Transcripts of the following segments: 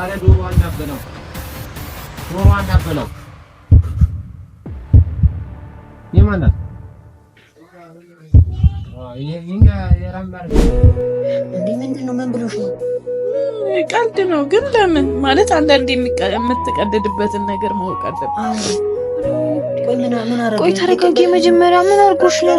አረ ዶሮ አናበለው፣ ዶሮ አናበለው። የማናት ምንድን ነው? ምን ብሎሽ ቀልድ ነው። ግን ለምን ማለት አንዳንድ የምትቀልድበትን ነገር ማወቅ አለብን። ቆይ ተረጋጊ። መጀመሪያ ምን አድርጎሽ ነው?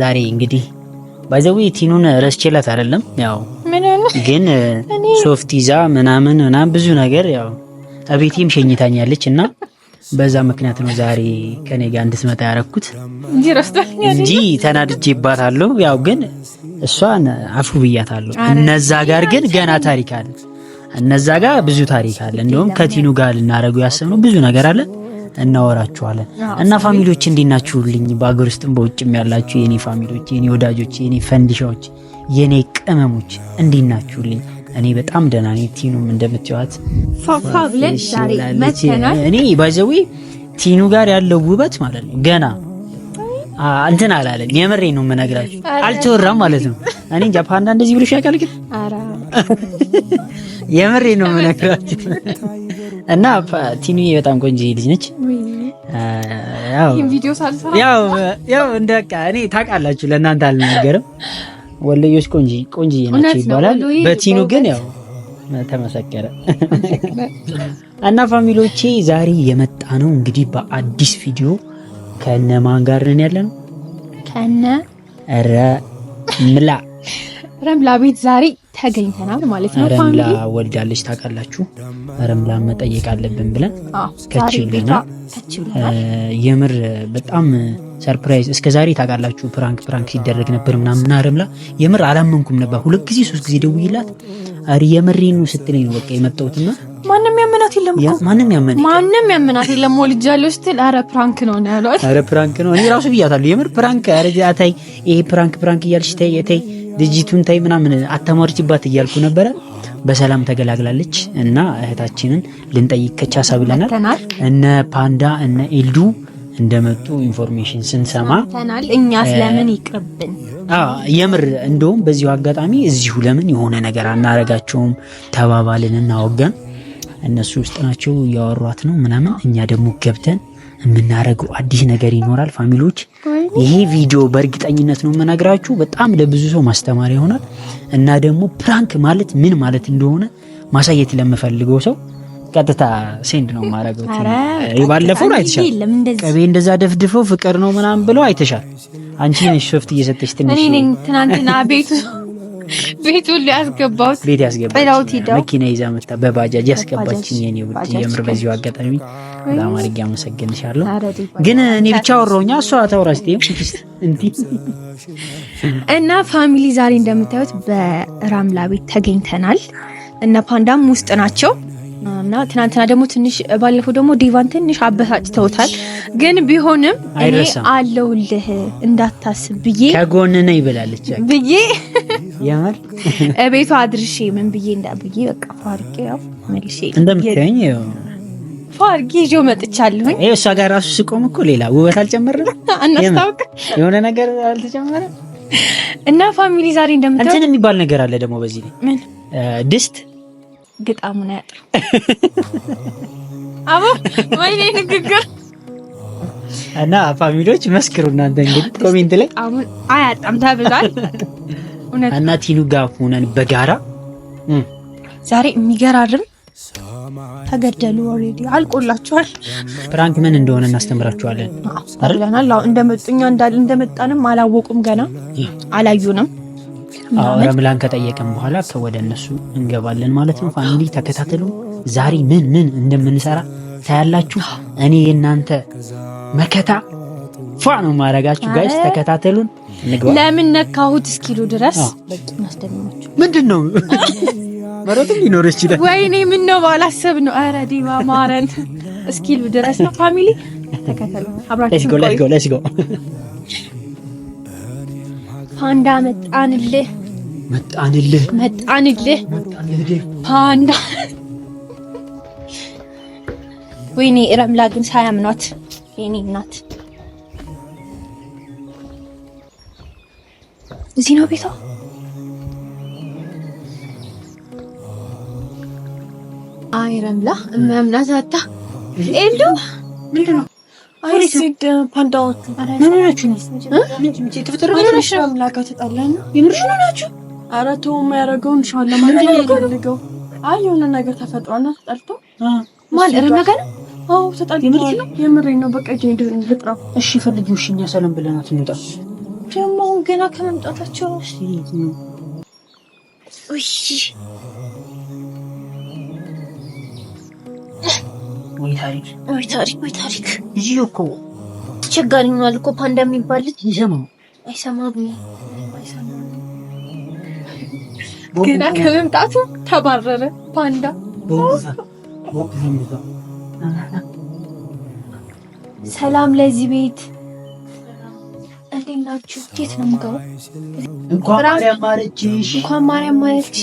ዛሬ እንግዲህ ባይዘዌ ቲኑን ረስቼላት አይደለም። ያው ግን ሶፍት ይዛ ምናምን ምናምን ብዙ ነገር ያው እቤቴም ሸኝታኛለች እና በዛ ምክንያት ነው ዛሬ ከኔ ጋር እንድትመጣ ያረኩት እንጂ ተናድጄባታለሁ። ያው ግን እሷን አፉ ብያታለሁ። እነዛ ጋር ግን ገና ታሪክ አለ። እነዛ ጋር ብዙ ታሪክ አለ። እንደውም ከቲኑ ጋር ልናደርገው ያሰብነው ብዙ ነገር አለ። እናወራችኋለን። እና ፋሚሊዎች እንዲናችሁልኝ በአገር ውስጥም በውጭም ያላችሁ የኔ ፋሚሊዎች፣ የኔ ወዳጆች፣ የኔ ፈንዲሻዎች፣ የኔ ቅመሞች እንዲናችሁልኝ። እኔ በጣም ደህና ነኝ። ቲኑም እንደምትይዋት እኔ ባይዘዊ ቲኑ ጋር ያለው ውበት ማለት ነው ገና እንትን አላለም። የምሬ ነው የምነግራችሁ፣ አልተወራም ማለት ነው። እኔ እንጃ ፓንዳ እንደዚህ ብሎሽ ያውቃል? ግን የምሬ ነው የምነግራችሁ እና ቲኑዬ በጣም ቆንጆ ልጅ ነች። ያው እንደ እኔ ታውቃላችሁ፣ ለእናንተ አልናገርም። ወለዮች ቆንጂ ቆንጂ ናቸው ይባላል። በቲኑ ግን ያው ተመሰከረ። እና ፋሚሊዎቼ ዛሬ የመጣ ነው እንግዲህ በአዲስ ቪዲዮ ከነ ማን ጋር ነን ያለ ነው ከነ ረምላ ረምላ ቤት ዛሬ ተገኝተናል ማለት ነው። ረምላ ወልዳለች ታውቃላችሁ። ረምላ መጠየቅ አለብን ብለን ከች ብለናል። የምር በጣም ሰርፕራይዝ። እስከ ዛሬ ታውቃላችሁ ፕራንክ ፕራንክ ሲደረግ ነበር ምናምና ረምላ የምር አላመንኩም ነበር። ሁለት ጊዜ ሶስት ጊዜ ደውይላት አሪ የምሬኑ ስትለኝ በቃ የመጣሁትና ማንም ያመናት የለም እኮ ማንም ያመናት ማንም ያመናት የለም። ወልጃለሁ ስትል አረ ፕራንክ ነው ነው ያሏት። ኧረ ፕራንክ ነው እኔ ራሱ ብያታለሁ። የምር ፕራንክ አረ ታይ ይሄ ፕራንክ ፕራንክ እያልሽ ተይ ተይ ልጅቱን ታይ ምናምን አታሟርችባት እያልኩ ነበረ። በሰላም ተገላግላለች እና እህታችንን ልንጠይቅ ከቻሳ ብለናል። እነ ፓንዳ እነ ኤልዱ እንደመጡ ኢንፎርሜሽን ስንሰማ እኛ ስለምን ይቅርብን። የምር እንደውም በዚሁ አጋጣሚ እዚሁ ለምን የሆነ ነገር አናረጋቸውም ተባባልን፣ እናወጋን። እነሱ ውስጥ ናቸው እያወሯት ነው ምናምን፣ እኛ ደግሞ ገብተን የምናደርገው አዲስ ነገር ይኖራል። ፋሚሊዎች ይሄ ቪዲዮ በእርግጠኝነት ነው የምነግራችሁ በጣም ለብዙ ሰው ማስተማሪያ ይሆናል እና ደግሞ ፕራንክ ማለት ምን ማለት እንደሆነ ማሳየት ለምፈልገው ሰው ቀጥታ ሴንድ ነው ማረገው። ባለፈው አይተሻል፣ ቅቤ እንደዛ ደፍድፈው ፍቅር ነው ምናምን ብለው አይተሻል። አንቺ ነሽ ሶፍት እየሰጠች ትንሽ ትናንትና ቤቱ ቤቱ ሊያስገባት ቤት ያስገባች መኪና ይዛ መታ በባጃጅ ያስገባችን የኔ ውድ የምር በዚሁ አጋጣሚ በጣም አድርጌ አመሰግንሻለሁ። ግን እኔ ብቻ አወራሁኛ እሷ ታውራ እና ፋሚሊ ዛሬ እንደምታዩት በራምላ ቤት ተገኝተናል። እነ ፓንዳም ውስጥ ናቸው። እና ትናንትና ደግሞ ትንሽ ባለፈው ደግሞ ዲቫን ትንሽ አበሳጭተውታል። ግን ቢሆንም እኔ አለሁልህ እንዳታስብ ብዬ ከጎን ነኝ ብላለች ብዬ የምር ቤቷ አድርሼ ምን ብዬ እንዳ ብዬ በቃ ፋርቄ ያው መልሼ እንደምታየኝ ፋርጌ ይዤው መጥቻለሁኝ። ይሄ እሷ ጋር ራሱ ስቆም እኮ ሌላ ውበት አልጨመርም፣ እናስታውቅ የሆነ ነገር አልተጨመረም። እና ፋሚሊ ዛሬ እንደምታ እንትን የሚባል ነገር አለ ደግሞ በዚህ ላይ ምን ድስት ግጣሙን ያጥር አቦ ወይኔ ንግግር እና ፋሚሊዎች መስክሩ እናንተ እንግዲህ ኮሜንት ላይ አሁን አያጣም ተብሏል። እና ቲኑ ጋር ሆነን በጋራ ዛሬ የሚገራርም ተገደሉ። ኦልሬዲ አልቆላችኋል። ፕራንክ ምን እንደሆነ እናስተምራችኋለን። አዎ እንደመጡኛ እንዳል እንደመጣንም አላወቁም ገና አላዩንም። ረምላን ከጠየቀን በኋላ ወደ እነሱ እንገባለን ማለት ነው። ፋሚሊ ተከታተሉ። ዛሬ ምን ምን እንደምንሰራ ታያላችሁ። እኔ የእናንተ መከታ ፏ ነው ማረጋችሁ። ጋይስ ተከታተሉን። ለምን ነካሁት እስኪሉ ድረስ ማስደምናችሁ ምንድን ነው መረጥም ሊኖር ይችላል። ወይኔ ምን ነው ባላሰብ ነው። ኧረ ዲባ ማረን እስኪሉ ድረስ ነው ፋሚሊ ተከተሉ፣ አብራችሁ ፓንዳ መጣንልህ መጣንልህ መጣንልህ ፓንዳ። ወይኔ ረምላ ግን ሳያምኗት የኔ እናት እዚህ ነው ቤቷ። አይ ረምላ እማምናት አጣ። ኤልዱ ምንድን ነው? ፓንዳዎች ምን ሆናችሁ ነው? የምርሽ ነው ናችሁ? ኧረ ተው አይ የሆነ ነገር ተፈጥሯና ተጣልቶ ማለት አዎ ተጣልቶ ነው። በቃ ልጥራው። እሺ እኛ ሰላም ብለናት እንውጣ። ደግሞ ገና ከመምጣታቸው እሺ ወይ ታሪክ ወይ ታሪክ ወይ ታሪክ ልጅ እኮ ተቸጋሪ ሆኗል እኮ ፓንዳ የሚባል ልጅ ይሰማው አይሰማም። ገና ከመምጣቱ ተባረረ ፓንዳ። ሰላም ለዚህ ቤት እንዴት ናችሁ? እንዴት ነው የምገባው? እንኳን ማርያም ማረችሽ፣ እንኳን ማርያም ማረችሽ።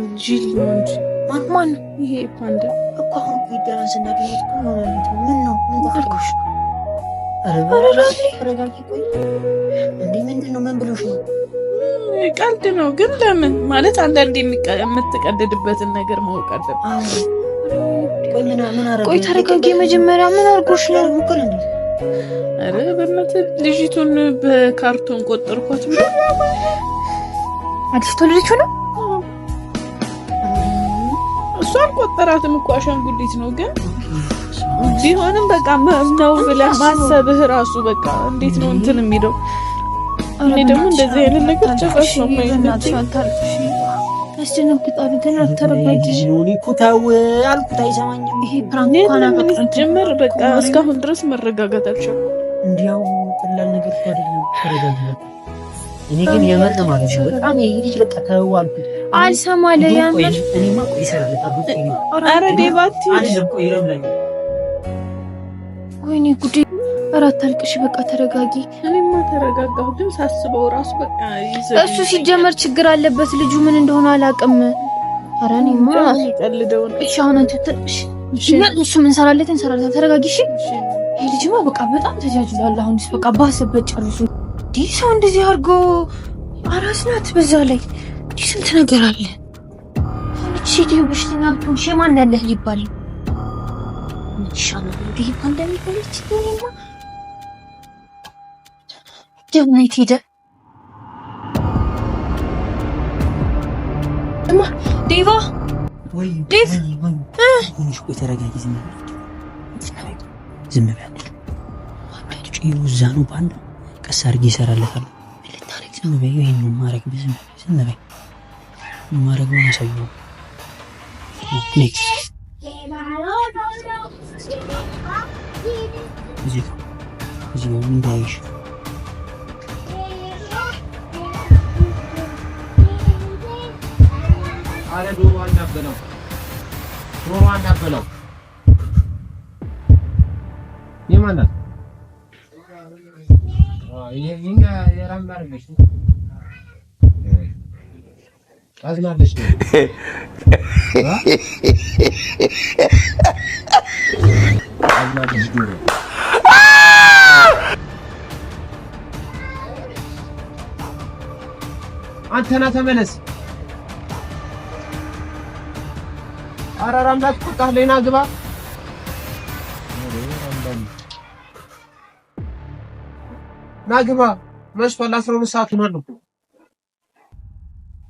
ጅል ማን ይሄ ፓንዳ እኮ አሁን ምን ነው ነው? ቀልድ ነው ግን ለምን ማለት አንዳንድ የምትቀልድበትን ነገር ማወቅ አለብን። ቆይ ተረጋጊ። መጀመሪያ ምን አድርጎሽ ነው? ኧረ በእናትህ ልጅቱን በካርቶን ቆጠርኳት። አዲስ ተወለደችው ነው እሷን አልቆጠራትም እኮ አሻንጉሊት ነው። ግን ቢሆንም በቃ ነው ብለህ ማሰብህ ራሱ በቃ እንዴት ነው እንትን የሚለው። እኔ ደግሞ እንደዚህ አይነት ነገር ጭራሽ ነው ጀምር በቃ እስካሁን ድረስ መረጋጋት አልቻልኩም። እንዲያው ቀላል ነገር እኮ አይደለም። እኔ ግን የምር ማለት ነው በጣም ይህ ልጅ በቃ አልሰማ ወይኔ ጉዴ! ኧረ አታልቅሽ፣ በቃ ተረጋጊ። እኔማ ተረጋጋሁ፣ ግን ሳስበው ራሱ በቃ እሱ ሲጀመር ችግር አለበት ልጁ ምን እንደሆነ አላውቅም። ኧረ እኔማ ቀልደውን። እሺ አሁን እሱ ምን ሰራለት እንሰራለን። ተረጋጊ እሺ። ይሄ ልጅማ በቃ በጣም ተጃጅሏል። አሁንስ በቃ ባሰበት ጨርሱ። ሰው እንደዚህ አድርጎ አራስ ናት በዛ ላይ ስንት ነገር አለ። ሴትዮ በሽተኛ ብትሆን ሸማን ያለህ ሊባል ይሻላል እንዲህ እንደሚባለች ማ ደግሞ የት ሄደ? ዴቫ ዝም በይ મારે કોને સહી નેક્સ્ટ બીજી બીજી ગમી દઈશ અરે ડો વાન ડાબ દનો ડો વાન ડાબ દનો નિમાન હા એ ઇંગા એરામ બાર બેસી አዝናለች። አንተና ተመለስ። አራራ አምላክ ቁጣህ ለና ግባ። ና መሽቷል። አስራ ሁለት ሰዓት ሆኗል።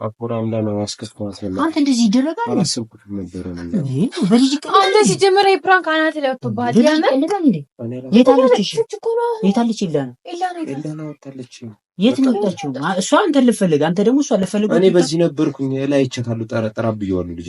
ማለት ነው። አንተ እንደዚህ ይደረጋል? አላሰብኩትም ነበር። አንተ ሲጀመረ የፕራንክ አናት ላይ ወጥቶብሃል። የታለች ኢላ ነው? የት ነው የወጣችው? እሷ አንተ ልፈልግ፣ አንተ ደግሞ እሷ ልፈልግ። እኔ በዚህ ነበርኩኝ ላይ ይቸካሉ። ጠረጠራ ብየዋለሁ ልጅ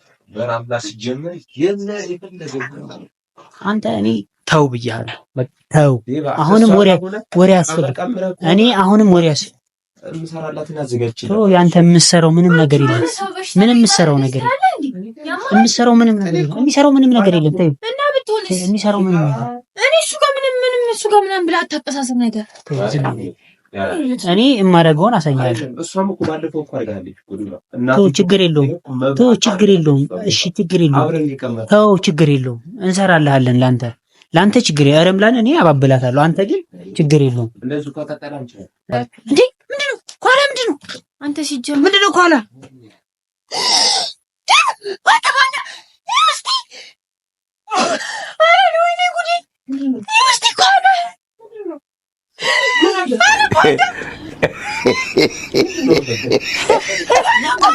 በራምላ ሲጀምር የለ የፈለገ አንተ እኔ ተው ብያለሁ። ተው አሁንም ወሬ ወሬ አስፈልግ እኔ አሁንም ወሬ አስፈልግ ያንተ የምትሰራው ምንም ነገር የለም። ምንም የምትሰራው ነገር የምትሰራው ምንም ነገር የለም። የሚሰራው ምንም ነገር የለም። ተይው የሚሰራው ምንም ነገር እኔ እሱ ጋር ምንም ምንም እሱ ጋር ምንም ብላ አታቀሳሰብ ነገር እኔ የማደርገውን አሳኛለሁ። ተው ችግር የለውም፣ ተው ችግር የለውም። እሺ ችግር የለውም፣ ተው ችግር የለውም። እንሰራልሃለን። ለአንተ ለአንተ ችግር ረምላን እኔ አባብላታለሁ። አንተ ግን ችግር የለውም። እንዴ ምንድን ነው ኳላ? ምንድን ነው አንተ ሲጀምር ምንድን ነው ኳላ? ኳላ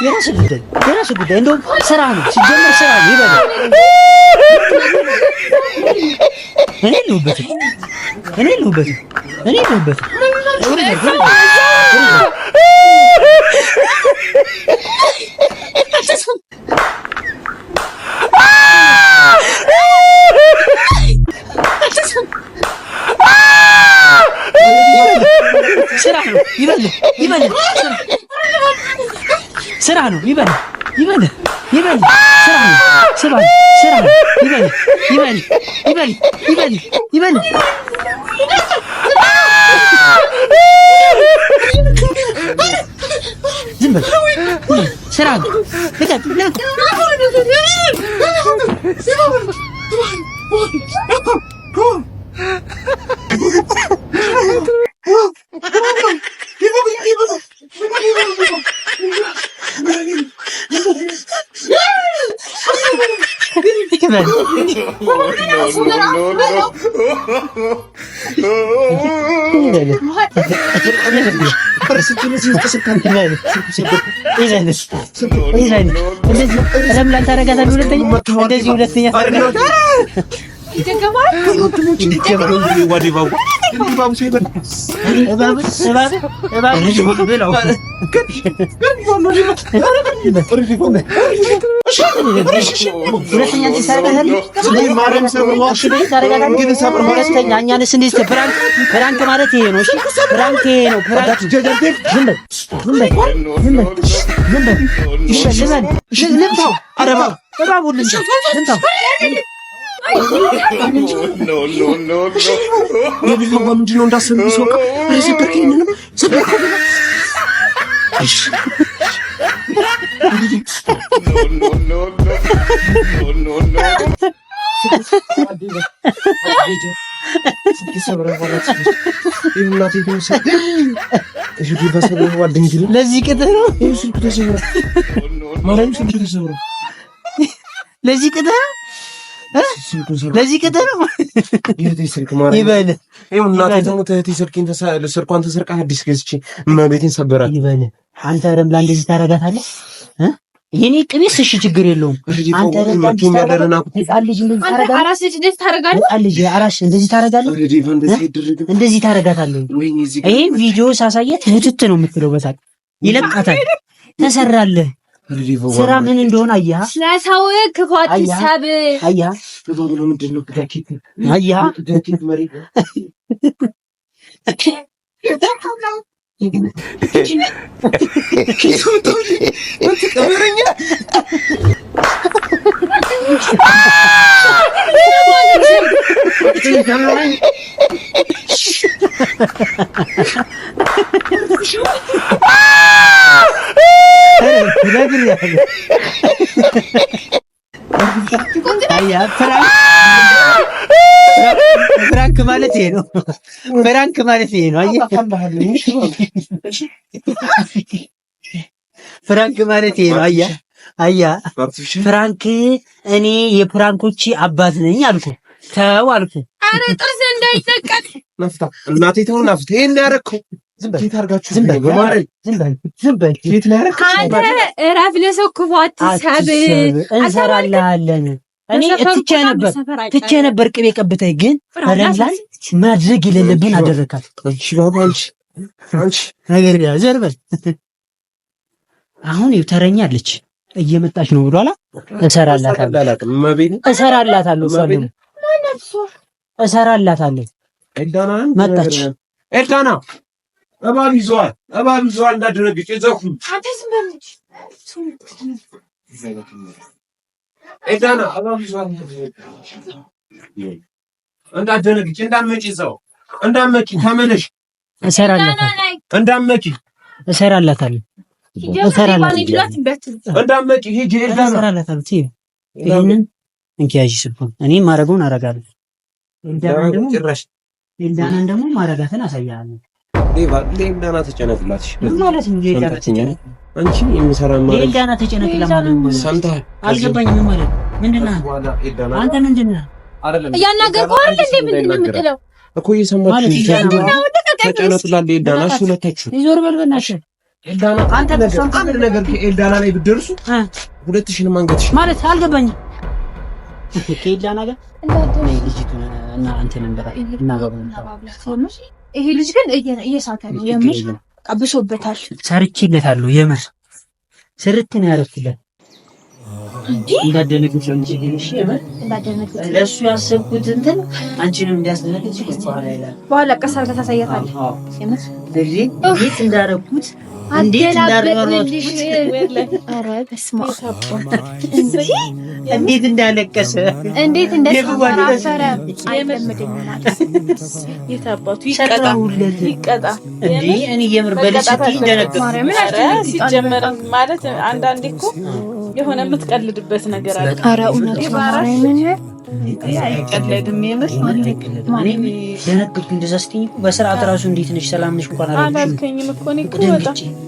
የራስ ጉዳይ የራስ ጉዳይ። እንደውም ስራ ነው ሲጀመር ስራ ነው ይበላል። እኔ ልሁበት እኔ ልሁበት እኔ ልሁበት ነው። ይበል ይበል ይበል ስራ ነው ስራ ስራ ይበል ይበል ይበል ይበል ይበል ዝም በል ስራ ነው በል እንደዚህ ሁለተኛ ታደርጋታለህ። ፕራንክ ማለት ይሄ ነው። ፕራንክ ይሄ ነው። ፕራንክ ለዚህ ቅጥህ ነው። ለዚህ ቅጥህ ነው። ለዚህ ቅጥህ ነው። ይበልህ ስልኳን ተሰርቃ አዲስ ገዝቼ እመቤቴን ሰበራት። ይበልህ አንተ ረምላ እንደዚህ ታረጋታለህ። የኔ ቅቤ ስሽ ችግር የለውም። አንተ ረዳት እንደዚህ እንደዚህ ታደርጋታለህ። ይሄ ቪዲዮ ሳሳየት ህትት ነው የምትለው፣ በሳቅ ይለቃታል። ተሰራለህ ስራ ምን እንደሆነ አየህ። ስለሰው ክፉ አትሳብ። አየህ 기성동이 어떻게 그러냐? 그래, 그래, 그래. ፍራንክ ማለት ይሄ ነው። ፍራንክ ማለት ይሄ ነው። ፍራንክ ማለት ይሄ ነው። አየህ አየህ ፍራንክ እኔ የፍራንኮች አባት ነኝ አልኩ። ተው አልኩ። ኧረ ጥርስ እንዳይነቀል እናቴ ተው ይሄን ዝምበል እረፍ። ለሰው ክፉ አትሰብ። እኔ ትቼ ነበር ትቼ ነበር ቅቤ ቀብታይ፣ ግን ረምላን ማድረግ የሌለብን አደረካል። ዘርበል አሁን እየመጣች ነው ብሏላ። እሰራላታለሁ እሰራላታለሁ። መጣች ኤልዳና እባብ ይዘዋል፣ እባብ ይዘዋል እንዳደረገች የዘፉ ኤዳና እባብ እንዳመጪ ዘው እንዳመጪ ተመለሽ። እሰራላታለሁ እንዳመጪ እሰራላታለሁ እንዳመጪ ሂጂ እሰራላታለሁ። እንኪያዥ ስልኩን እኔ ደግሞ አሳያለሁ። ሌላ ተጨነቅላት ማለት እንጂ አንቺ የሚሰራ ማለት ሌላ ተጨነቅላት ማለት ሰምተሃል? አልገባኝም ማለት ምንድን አንተ? ነህ እያናገርከው አይደል እንዴ? ምንድን ነው የምትለው እኮ እየሰማችሁ ተጨነቅላት ይዞር አንድ ነገር ከኤልዳና ላይ ብትደርሱ ሁለት ሺህን ማንገትሽ ማለት አልገባኝም። ጋር እና ይሄ ልጅ ግን እየሳተ ነው የምር ቀብሶበታል። ሰርቼለታለሁ የምር ስርት ነው ያደረኩለት። እንዳደነግጥ ነው እንጂ ለእሱ ያሰብኩት እንትን አንቺንም እንዲያስደነግጥ በኋላ ይላል። በኋላ አድርገህ ታሳያታለህ የምር እንዴት እንዳደረኩት እንዴት እንዳለቀሰ እንዴት እንደተፈራፈረ አይለምድም። ይቀጣ እንዴ! እኔ የምር በልጅ እንደነገርኩ ሲጀመር ማለት አንዳንዴ እኮ የሆነ የምትቀልድበት ነገር አለ። ኧረ እውነት ማርያምን አይቀለድም። የምር ደነገርኩ። እንደዛ ስትይኝ በስርዓት እራሱ እንዴት ነሽ ሰላም ነሽ እንኳን አላልከኝም እኮ እኔ እኮ በጣም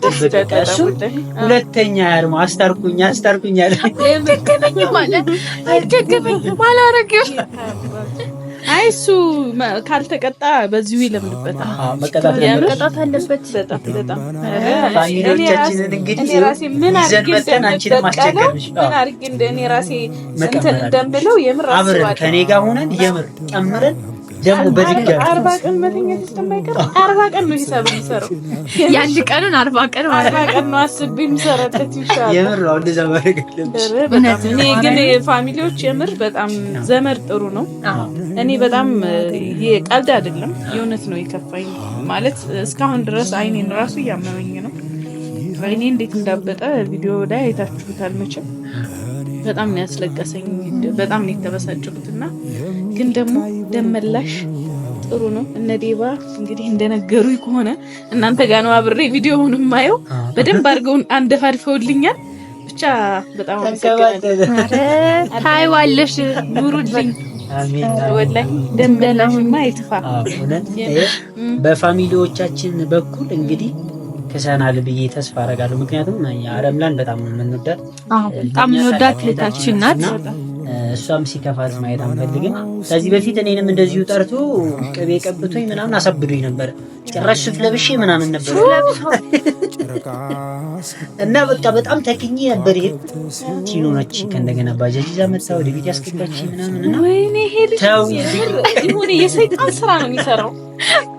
የምጠበቀ እሱም ሁለተኛ ያልሞ አስታርቁኛ አስታርቁኛ አይ እሱ ካልተቀጣ በዚሁ ይለምንበታል። መቀጣት አለበት። ፋሚሊዎቻችንን እንግዲህ ምን አድርጌ እኔ ራሴ እንትን እንደምለው የምር አብረን ከኔ ጋር ሆነን የምር ጨምረን ደግሞ በድጋሚ አርባ ቀን መተኛት ስለማይቀር አርባ ቀን ነው ሂሳብ የሚሰራው። የአንድ ቀኑን አርባ ቀን አርባ ቀን ነው አስቤ የሚሰራበት ይሻላል። የምር ነው እንደዛ ማድረግ አለበት። እኔ ግን ፋሚሊዎች የምር በጣም ዘመድ ጥሩ ነው። እኔ በጣም ቀልድ አይደለም የእውነት ነው የከፋኝ ማለት እስካሁን ድረስ አይኔን ራሱ እያመመኝ ነው። አይኔ እንዴት እንዳበጠ ቪዲዮ ላይ አይታችሁታል መቼም። በጣም ያስለቀሰኝ። በጣም ነው የተበሳጨሁት ግን ደግሞ ደመላሽ ጥሩ ነው። እነ ዴባ እንግዲህ እንደነገሩ ከሆነ እናንተ ጋር ነው አብሬ ቪዲዮውን የማየው። በደንብ አድርገውን አንደፋድፈውልኛል። ብቻ በጣም ታይዋለሽ። ኑሩልኝ በፋሚሊዎቻችን በኩል እንግዲህ ከሰናል ብዬ ተስፋ አደርጋለሁ። ምክንያቱም አረምላን በጣም የምንወዳት በጣም የምንወዳት እህታችን ናት። እሷም ሲከፋት ማየት አንፈልግም። ከዚህ በፊት እኔንም እንደዚሁ ጠርቶ ቅቤ ቀብቶኝ ምናምን አሳብዶኝ ነበር። ጭራሽ ሱፍ ለብሼ ምናምን ነበር እና በቃ በጣም ተክኜ ነበር። ይሄ ቲኖ ነች። ከእንደገና ባጃጅ ይዛ መጣ፣ ወደ ቤት ያስገባች ምናምን። ተው የሆነ የሰይጣን ስራ ነው የሚሰራው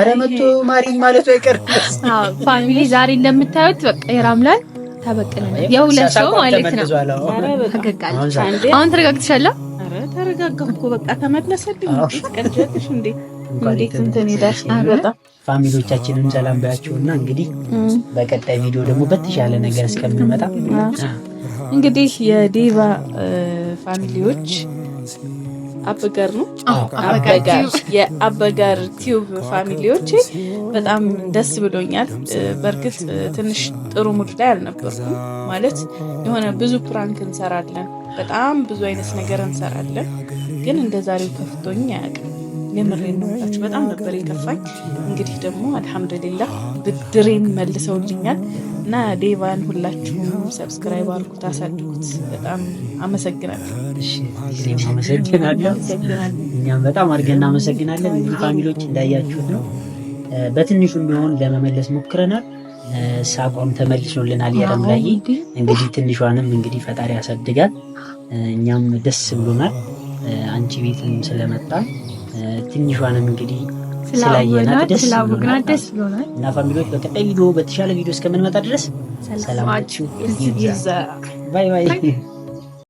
ኧረ መቶ ማሪኝ ማለቱ አይቀርም። ፋሚሊ ዛሬ እንደምታዩት በቃ የራምላን ተበቀለ ያው ለሰው ማለት ነው። አሁን ተረጋግተሻል? ኧረ ተረጋጋሁ በቃ ተመለሰልኝ። ቀንጀትሽ እንዴ እንዴት እንትን ይላል። በጣም ፋሚሊዎቻችንን ሰላም ባያችሁና እንግዲህ በቀጣይ ቪዲዮ ደግሞ በተሻለ ነገር እስከምንመጣ እንግዲህ የዴቫ ፋሚሊዎች አበጋር ነው አበጋር የአበጋር ቲዩብ ፋሚሊዎች በጣም ደስ ብሎኛል። በእርግጥ ትንሽ ጥሩ ሙድ ላይ አልነበርኩም። ማለት የሆነ ብዙ ፕራንክ እንሰራለን፣ በጣም ብዙ አይነት ነገር እንሰራለን። ግን እንደ ዛሬው ከፍቶኝ አያውቅም። የምሬ በጣም ነበር የከፋኝ። እንግዲህ ደግሞ አልሐምዱሊላህ ብድሬን መልሰውልኛል። እና ዴቫን ሁላችሁም ሰብስክራይብ አድርጉት፣ አሳድጉት። በጣም አመሰግናለሁ። እኛም በጣም አድርገን እናመሰግናለን። እንግዲህ ፋሚሊዎች እንዳያችሁት ነው፣ በትንሹም ቢሆን ለመመለስ ሞክረናል። ሳቋም ተመልሶልናል። የረም ላይ እንግዲህ ትንሿንም እንግዲህ ፈጣሪ ያሳድጋል። እኛም ደስ ብሎናል አንቺ ቤትም ስለመጣ ትንሿንም እንግዲህ ስላየናት ደስ ብሎናል እና ፋሚሊዎች በቀጣይ ቪዲዮ በተሻለ ቪዲዮ እስከምንመጣ ድረስ ሰላማችሁ ይብዛ። ባይ ባይ።